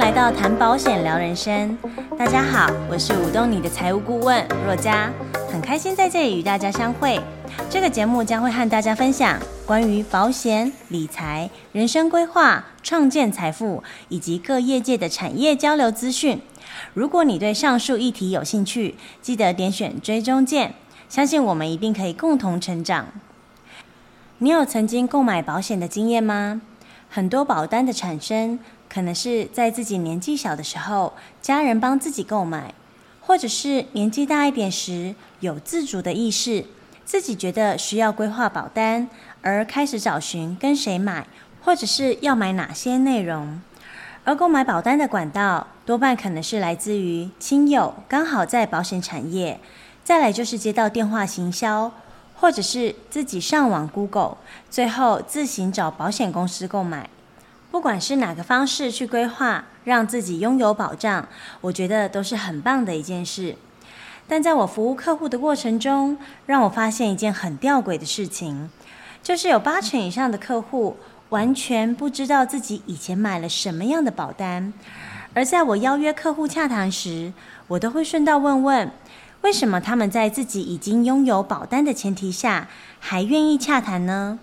來到談保險聊人生，大家好，我是舞動你的財務顧問若家。很開心在這裡與大家相會。這個節目將會和大家分享關於保險、理財、人生規劃、創建財富以及各業界的產業交流資訊。如果你對上述議題有興趣，記得點選追蹤鍵，相信我們一定可以共同成長。你有曾經購買保險的經驗嗎？很多保單的產生。可能是在自己年紀小的時候，家人幫自己購買，或者是年紀大一點時有自主的意識，自己覺得需要規劃保單，而開始找尋跟誰買，或者是要買哪些內容。而購買保單的管道，多半可能是來自於親友，剛好在保險產業，再來就是接到電話行銷，或者是自己上網 Google，最後自行找保險公司購買。不管是哪個方式去規劃，讓自己擁有保障，我覺得都是很棒的一件事。但在我服務客戶的過程中，讓我發現一件很吊詭的事情，就是有八成以上的客戶完全不知道自己以前買了什麼樣的保單。而在我邀約客戶洽談時，我都會順道問問，為什麼他們在自己已經擁有保單的前提下，還願意洽談呢？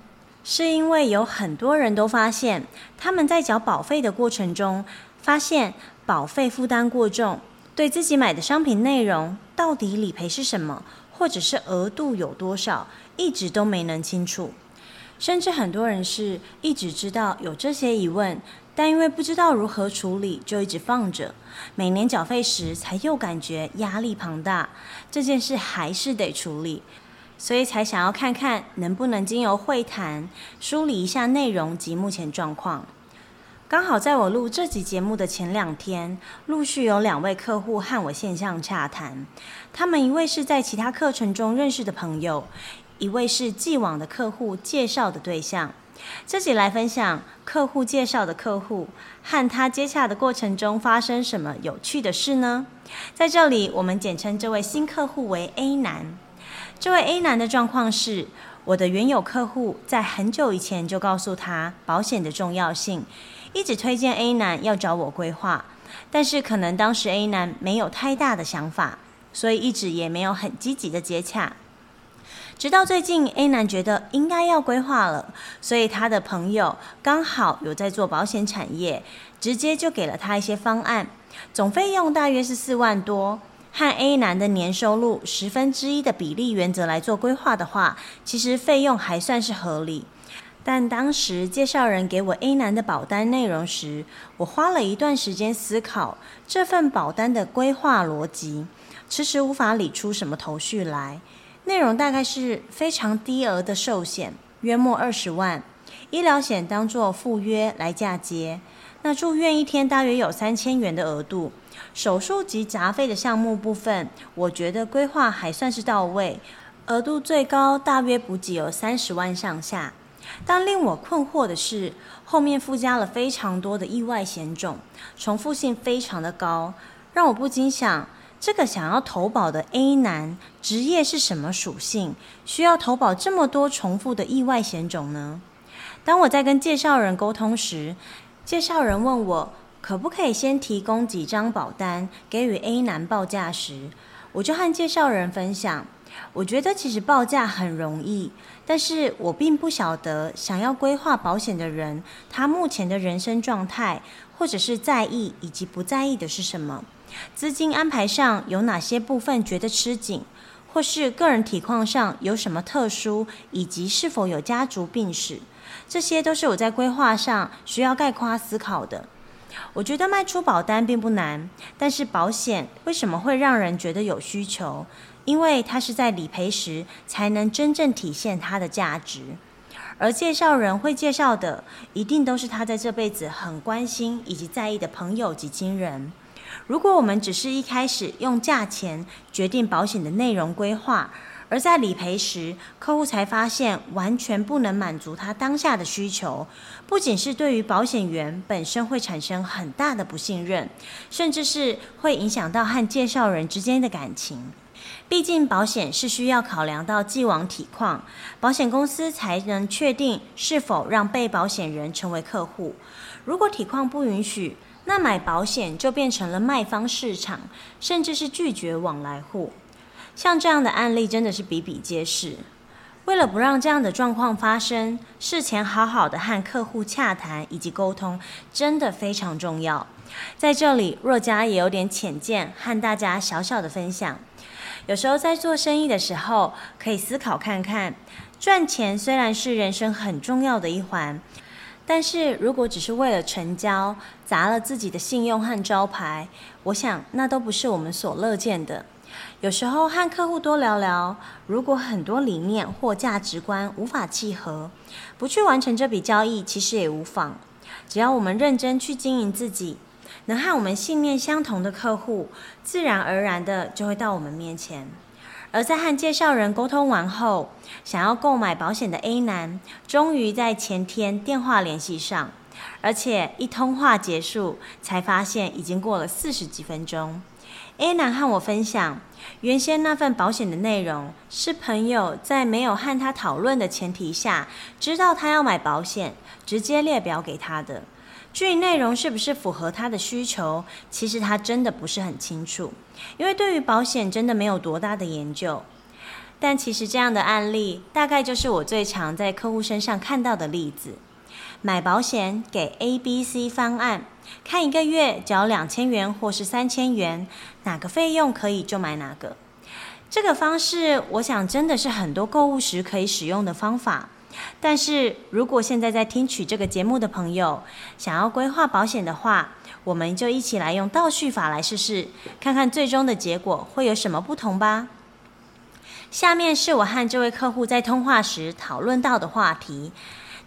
是因為有很多人都發現，他們在繳保費的過程中，發現保費負擔過重，對自己買的商品內容到底理賠是什麼，或者是額度有多少，一直都沒能清楚。甚至很多人是一直知道有這些疑問，但因為不知道如何處理，就一直放着，每年繳費時才又感覺壓力龐大，這件事還是得處理。所以才想要看看能不能經由會談梳理一下內容及目前狀況。剛好在我錄這集節目的前兩天，陸續有兩位客戶和我線上洽談。他們一位是在其他課程中認識的朋友，一位是既往的客戶介紹的對象。這集來分享客戶介紹的客戶和他接洽的過程中發生什麼有趣的事呢？在這裡，我們簡稱這位新客戶為 A 男。這位 A 男的狀況是，我的原有客戶在很久以前就告訴他保險的重要性，一直推薦 A 男要找我規劃，但是可能當時 A 男沒有太大的想法，所以一直也沒有很積極的接洽。直到最近，A 男覺得應該要規劃了，所以他的朋友剛好有在做保險產業，直接就給了他一些方案，總費用大約是四萬多。和 A 男的年收入十分之一的比例原則來做規劃的話，其實費用還算是合理。但當時介紹人給我 A 男的保單內容時，我花了一段時間思考這份保單的規劃邏輯，遲遲無法理出什麼頭緒來。內容大概是非常低額的壽險，約莫二十萬；醫療險當做附約來嫁接，那住院一天大約有三千元的額度。手術及雜費的項目部分，我覺得規劃還算是到位，額度最高大約補給有三十萬上下。但令我困惑的是，後面附加了非常多的意外險種，重複性非常的高，讓我不禁想，這個想要投保的 A 男職業是什麼屬性，需要投保這麼多重複的意外險種呢？當我在跟介紹人溝通時，介紹人問我。可不可以先提供幾張保單，給予 A 男報價時，我就和介紹人分享。我覺得其實報價很容易，但是我並不曉得想要規劃保險的人，他目前的人生狀態，或者是在意以及不在意的是什麼，資金安排上有哪些部分覺得吃緊，或是個人體況上有什麼特殊，以及是否有家族病史，這些都是我在規劃上需要概括思考的。我覺得賣出保單並不難，但是保險為什麼會讓人覺得有需求？因為它是在理賠時才能真正體現它的價值。而介紹人會介紹的，一定都是他在這輩子很關心以及在意的朋友及親人。如果我們只是一開始用價錢決定保險的內容規劃，而在理賠時，客戶才發現完全不能滿足他當下的需求，不僅是對於保險員本身會產生很大的不信任，甚至是會影響到和介紹人之間的感情。畢竟保險是需要考量到既往體況，保險公司才能確定是否讓被保險人成為客戶。如果體況不允許，那買保險就變成了賣方市場，甚至是拒絕往來戶。像這樣的案例真的是比比皆是。為了不讓這樣的狀況發生，事前好好的和客戶洽談以及溝通真的非常重要。在這裡，若家也有點淺見和大家小小的分享。有時候在做生意的時候，可以思考看看：賺錢雖然是人生很重要的一環，但是如果只是為了成交，砸了自己的信用和招牌，我想那都不是我們所樂見的。有時候和客戶多聊聊，如果很多理念或價值觀無法契合，不去完成這筆交易其實也無妨。只要我們認真去經營自己，能和我們信念相同的客戶，自然而然的就會到我們面前。而在和介紹人溝通完後，想要購買保險的 A 男終於在前天電話聯繫上，而且一通話結束，才發現已經過了四十幾分鐘。安娜和我分享，原先那份保險的內容是朋友在沒有和他討論的前提下，知道他要買保險，直接列表給他的。具體內容是不是符合他的需求，其實他真的不是很清楚，因為對於保險真的沒有多大的研究。但其實這樣的案例，大概就是我最常在客戶身上看到的例子。買保險給 A、B、C 方案，看一個月繳兩千元或是三千元，哪個費用可以就買哪個。這個方式，我想真的是很多購物時可以使用的方法。但是如果現在在聽取這個節目的朋友想要規劃保險的話，我們就一起來用倒序法來試試，看看最終的結果會有什麼不同吧。下面是我和這位客戶在通話時討論到的話題。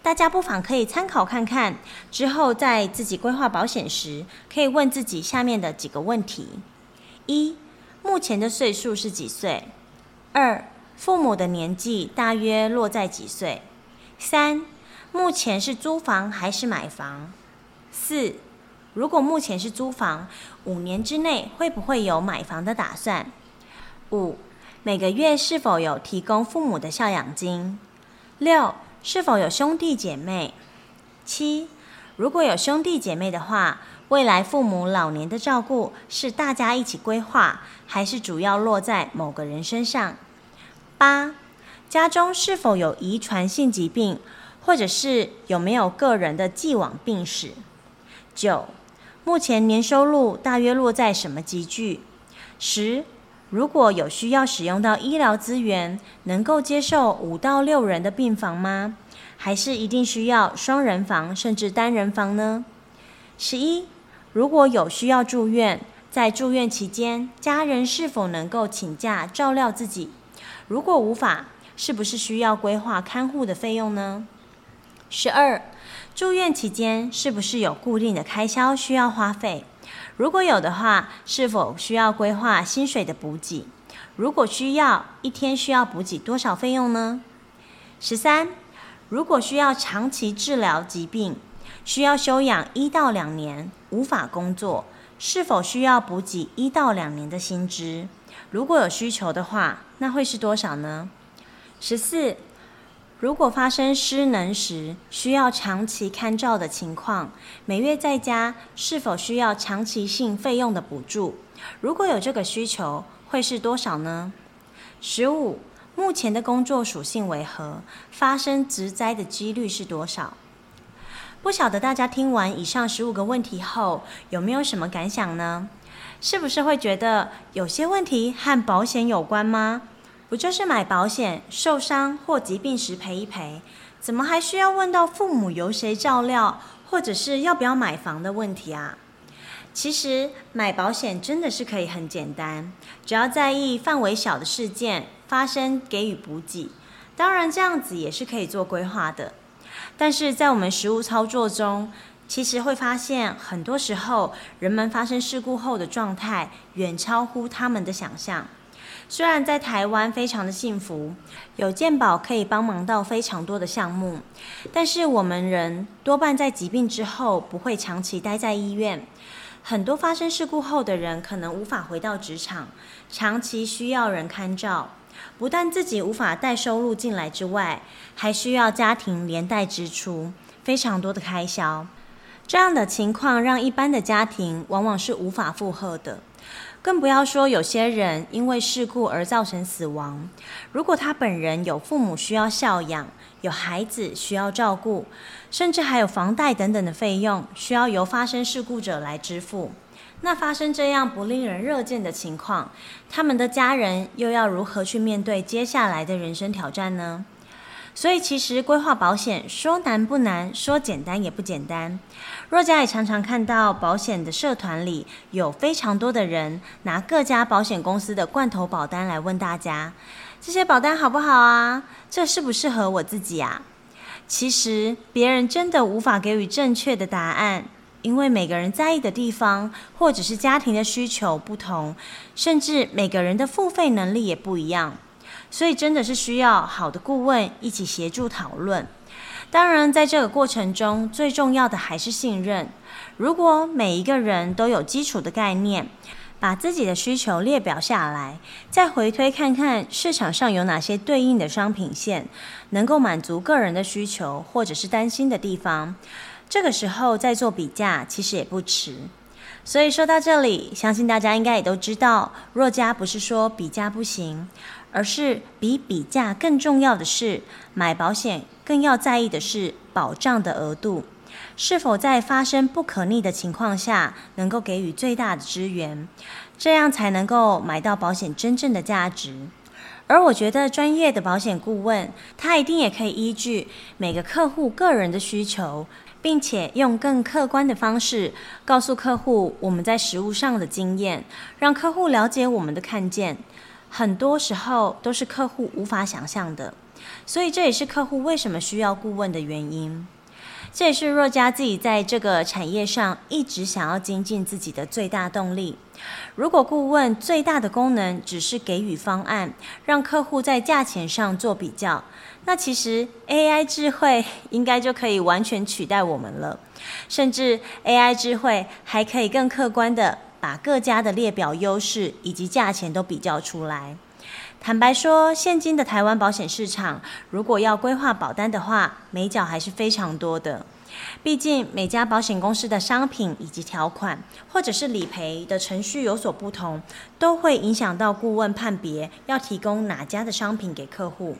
大家不妨可以參考看看，之後在自己規劃保險時，可以問自己下面的幾個問題：一、目前的歲數是幾歲？二、父母的年紀大約落在幾歲？三、目前是租房還是買房？四、如果目前是租房，五年之內會不會有買房的打算？五、每個月是否有提供父母的孝養金？六、是否有兄弟姐妹？七、如果有兄弟姐妹的話，未來父母老年的照顧是大家一起規劃，還是主要落在某個人身上？八、家中是否有遺傳性疾病，或者是有沒有個人的既往病史？九、目前年收入大約落在什麼級距？十、如果有需要使用到醫療資源，能夠接受五到六人的病房嗎？還是一定需要雙人房甚至單人房呢？十一，如果有需要住院，在住院期間家人是否能夠請假照料自己？如果無法，是不是需要規劃看護的費用呢？十二，住院期間是不是有固定的開銷需要花費？如果有的話，是否需要規劃薪水的補給？如果需要，一天需要補給多少費用呢？十三，如果需要長期治療疾病，需要休養一到兩年，無法工作，是否需要補給一到兩年的薪資？如果有需求的話，那會是多少呢？十四，如果發生失能時需要長期看照的情況，每月在家是否需要長期性費用的補助？如果有這個需求，會是多少呢？十五，目前的工作屬性為何？發生職災的幾率是多少？不曉得大家聽完以上十五個問題後，有沒有什麼感想呢？是不是會覺得有些問題和保險有關嗎？不就是買保險，受傷或疾病時賠一賠？怎麼還需要問到父母由誰照料，或者是要不要買房的問題啊？其實買保險真的是可以很簡單，只要在意範圍小的事件發生給予補給。當然，這樣子也是可以做規劃的。但是在我們實務操作中，其實會發現很多時候，人們發生事故後的狀態遠超乎他們的想象。雖然在台灣非常的幸福，有健保可以幫忙到非常多的項目，但是我們人多半在疾病之後不會長期待在醫院，很多發生事故後的人可能無法回到職場，長期需要人看照，不但自己無法帶收入進來之外，還需要家庭連帶支出非常多的開銷，這樣的情況讓一般的家庭往往是無法負荷的。更不要說有些人因為事故而造成死亡，如果他本人有父母需要孝養，有孩子需要照顧，甚至還有房貸等等的費用需要由發生事故者來支付，那發生這樣不令人樂見的情況，他們的家人又要如何去面對接下來的人生挑戰呢？所以，其實規劃保險說難不難，說簡單也不簡單。若家也常常看到保險的社團裡有非常多的人拿各家保險公司的罐頭保單來問大家：這些保單好不好啊？這適不適合我自己啊？其實別人真的無法給予正確的答案，因為每個人在意的地方或者是家庭的需求不同，甚至每個人的付費能力也不一樣。所以真的是需要好的顧問一起協助討論。當然，在這個過程中，最重要的還是信任。如果每一個人都有基礎的概念，把自己的需求列表下來，再回推看看市場上有哪些對應的商品線，能夠滿足個人的需求或者是擔心的地方，這個時候再做比價其實也不遲。所以說到這裡，相信大家應該也都知道，若家不是說比價不行。而是比比價更重要的是，買保險更要在意的是保障的額度，是否在發生不可逆的情況下能夠給予最大的支援，這樣才能夠買到保險真正的價值。而我覺得專業的保險顧問，他一定也可以依據每個客戶個人的需求，並且用更客觀的方式告訴客戶我們在實務上的經驗，讓客戶了解我們的看見。很多時候都是客戶無法想象的，所以這也是客戶為什麼需要顧問的原因。這也是若家自己在這個產業上一直想要精進自己的最大動力。如果顧問最大的功能只是給予方案，讓客戶在價錢上做比較，那其實 AI 智慧應該就可以完全取代我們了。甚至 AI 智慧還可以更客觀地。把各家的列表優勢以及價錢都比較出來。坦白說，現今的台灣保險市場，如果要規劃保單的話，眉角還是非常多的。畢竟每家保險公司的商品以及條款，或者是理賠的程序有所不同，都會影響到顧問判別要提供哪家的商品給客戶。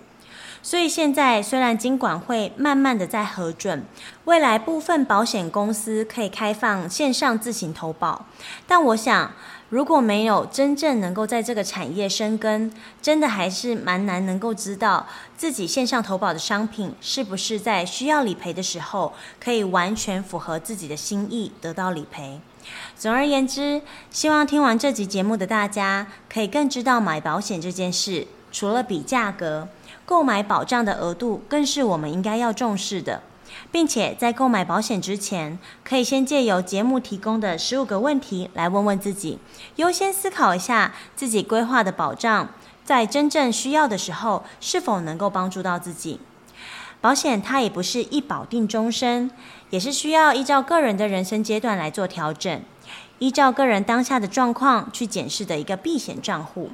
所以現在雖然金管會慢慢的在核准，未來部分保險公司可以開放線上自行投保，但我想如果沒有真正能夠在這個產業深耕，真的還是蠻難能夠知道自己線上投保的商品是不是在需要理賠的時候可以完全符合自己的心意得到理賠。總而言之，希望聽完這集節目的大家可以更知道買保險這件事，除了比價格，購買保障的額度更是我們應該要重視的，並且在購買保險之前，可以先借由節目提供的十五個問題來問問自己，優先思考一下自己規劃的保障，在真正需要的時候是否能夠幫助到自己。保險它也不是一保定終身，也是需要依照個人的人生階段來做調整，依照個人當下的狀況去檢視的一個避險賬戶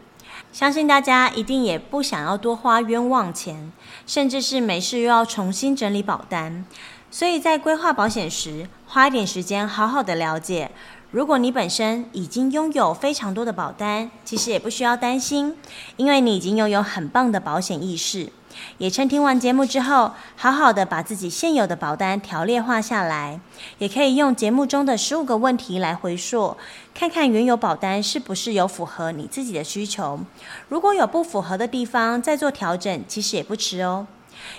相信大家一定也不想要多花冤枉錢，甚至是沒事又要重新整理保單，所以在規劃保險時，花一點時間好好的了解。如果你本身已經擁有非常多的保單，其實也不需要擔心，因為你已經擁有很棒的保險意識。也趁聽完節目之後，好好的把自己現有的保單條列化下來，也可以用節目中的十五個問題來回溯，看看原有保單是不是有符合你自己的需求。如果有不符合的地方，再做調整，其實也不遲哦。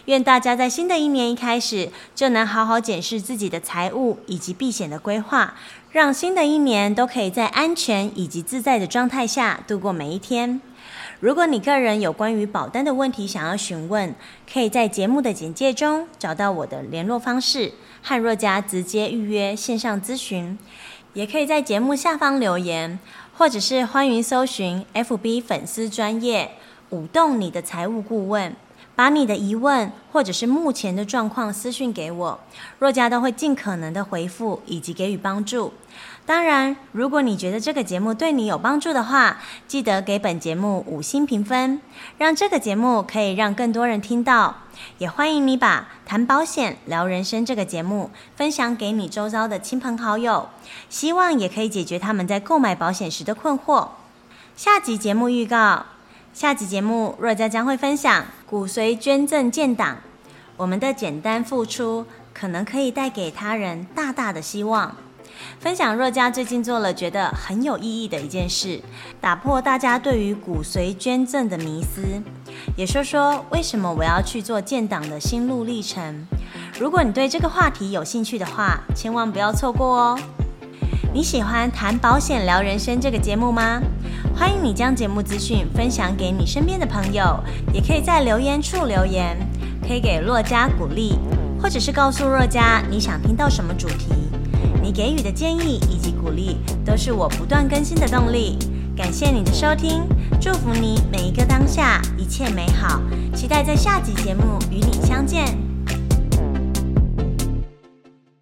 願大家在新的一年一開始，就能好好檢視自己的財務以及避險的規劃，讓新的一年都可以在安全以及自在的狀態下度過每一天。如果你個人有關於保單的問題想要詢問，可以在節目的簡介中找到我的聯絡方式，和若家直接預約線上諮詢，也可以在節目下方留言，或者是歡迎搜尋 FB 粉絲專頁舞動你的財務顧問，把你的疑問或者是目前的狀況私訊給我，若家都會盡可能的回復以及給予幫助。當然，如果你覺得這個節目對你有幫助的話，記得給本節目五星評分，讓這個節目可以讓更多人聽到。也歡迎你把《談保險聊人生》這個節目分享給你周遭的親朋好友，希望也可以解決他們在購買保險時的困惑。下集節目預告：下集節目若家將會分享骨髓捐贈建檔，我們的簡單付出可能可以帶給他人大大的希望。分享若家最近做了覺得很有意義的一件事，打破大家對於骨髓捐贈的迷思，也說說為什麼我要去做建檔的心路歷程。如果你對這個話題有興趣的話，千萬不要錯過哦！你喜歡談保險聊人生這個節目嗎？歡迎你將節目資訊分享給你身邊的朋友，也可以在留言處留言，可以給若家鼓勵，或者是告訴若家你想聽到什麼主題。你給予的建議以及鼓勵，都是我不斷更新的動力。感謝你的收聽，祝福你每一個當下，一切美好，期待在下集節目與你相見。